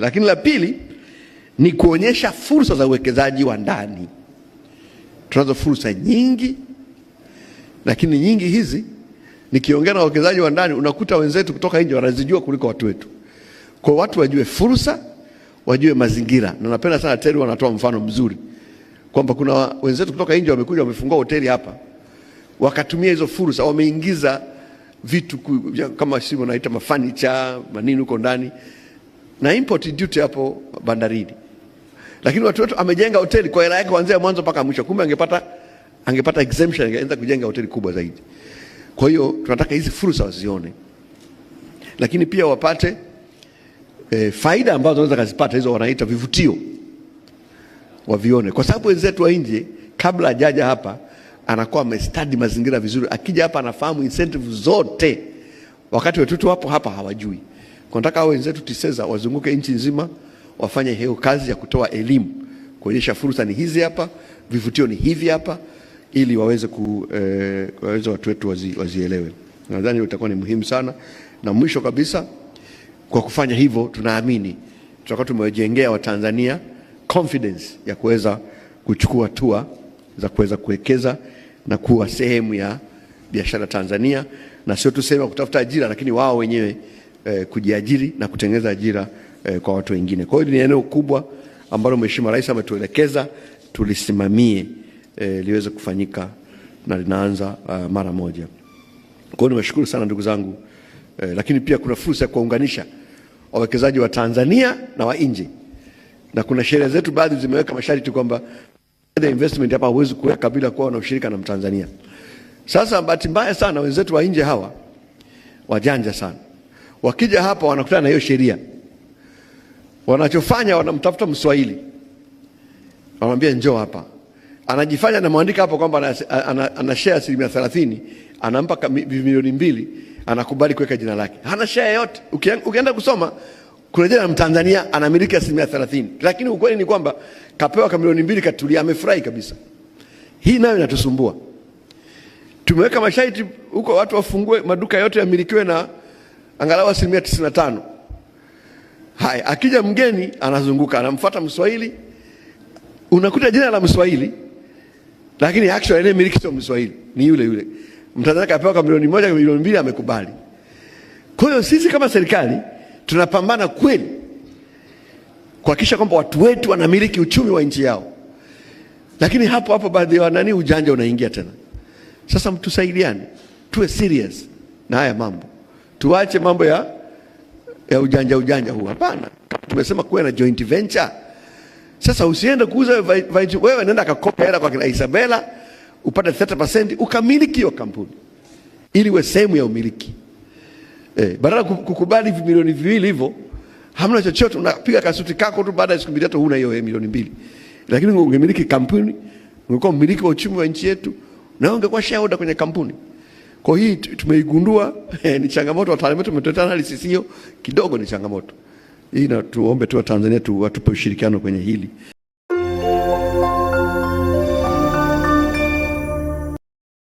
Lakini la pili ni kuonyesha fursa za uwekezaji wa ndani. Tunazo fursa nyingi, lakini nyingi hizi, nikiongea na wawekezaji wa ndani unakuta wenzetu kutoka nje wanazijua kuliko watu wetu. Kwa watu wajue fursa, wajue mazingira, na napenda sana TERU wanatoa mfano mzuri kwamba kuna wenzetu kutoka nje wamekuja wamefungua hoteli hapa, wakatumia hizo fursa, wameingiza vitu kama sisi naita mafanicha manini huko ndani na import duty hapo bandarini, lakini watu wetu amejenga hoteli kwa hela yake kuanzia mwanzo mpaka mwisho, kumbe angepata angepata exemption, angeanza kujenga hoteli kubwa zaidi. Kwa hiyo tunataka hizi fursa wazione lakini pia wapate e, faida ambazo wanaweza kuzipata hizo, wanaita vivutio, wavione, kwa sababu wenzetu wa nje kabla hajaja hapa anakuwa amestudy mazingira vizuri, akija hapa anafahamu incentive zote, wakati watoto wapo hapa hawajui. Nataka hao wenzetu TISEZA wazunguke nchi nzima wafanye hiyo kazi ya kutoa elimu, kuonyesha fursa ni hizi hapa, vivutio ni hivi hapa, ili waweze ku, eh, waweze watu wetu wazi, wazielewe. Nadhani utakuwa ni muhimu sana, na mwisho kabisa, kwa kufanya hivyo, tunaamini tutakuwa tumewajengea Watanzania confidence ya kuweza kuchukua hatua za kuweza kuwekeza na kuwa sehemu ya biashara Tanzania, na sio tu sehemu ya kutafuta ajira, lakini wao wenyewe eh, kujiajiri na kutengeneza ajira eh, kwa watu wengine. Kwa hiyo ni eneo kubwa ambalo Mheshimiwa Rais ametuelekeza tulisimamie eh, liweze kufanyika na linaanza uh, mara moja. Kwa hiyo niwashukuru sana ndugu zangu eh, lakini pia kuna fursa ya kuwaunganisha wawekezaji wa Tanzania na wa nje, na kuna sheria zetu baadhi zimeweka masharti kwamba investment hapa huwezi kuweka bila kuwa na ushirika na Mtanzania. Sasa bahati mbaya sana wenzetu wa nje hawa wajanja sana, Wakija hapa wanakutana na hiyo sheria, wanachofanya wanamtafuta Mswahili, wanamwambia njoo hapa, anajifanya anamwandika hapo kwamba ana share asilimia thelathini, anampa milioni mbili, anakubali kuweka jina lake, hana share yote. Ukienda kusoma kuna jina la Mtanzania anamiliki asilimia thelathini, lakini ukweli ni kwamba kapewa ka milioni mbili, katulia, amefurahi kabisa. Hii nayo inatusumbua. Tumeweka masharti huko, watu wafungue maduka yote yamilikiwe na angalau asilimia 95. Haya, akija mgeni anazunguka, anamfuata Mswahili, unakuta jina la Mswahili lakini actually miliki sio Mswahili, ni yule yule. Mtanzania kapewa kwa milioni moja, kwa milioni mbili amekubali. Kwa hiyo sisi kama serikali tunapambana kweli kuhakikisha kwamba watu wetu wanamiliki uchumi wa nchi yao, lakini hapo hapo baadhi ya nani ujanja unaingia tena. Sasa mtusaidiane, tuwe serious na haya mambo. Tuache mambo ya, ya ujanja ujanja huu, hapana. Tumesema kuwe na joint venture. Sasa usiende kuuza wewe, nenda akakopa hela kwa kina Isabela upate 30% ukamiliki hiyo kampuni ili iwe sehemu ya umiliki eh, badala kukubali vimilioni viwili hivyo hamna chochote, unapiga kasuti kako tu, baada ya siku mbili tatu huna hiyo eh, milioni mbili. Lakini ungemiliki kampuni, ungekuwa mmiliki wa uchumi wa nchi yetu, na ungekuwa shareholder kwenye kampuni. Kwa hii tumeigundua eh, ni changamoto wataalamu wetu umeteta analysis hiyo kidogo ni changamoto hii, na tuombe tu Watanzania tu watupe ushirikiano kwenye hili.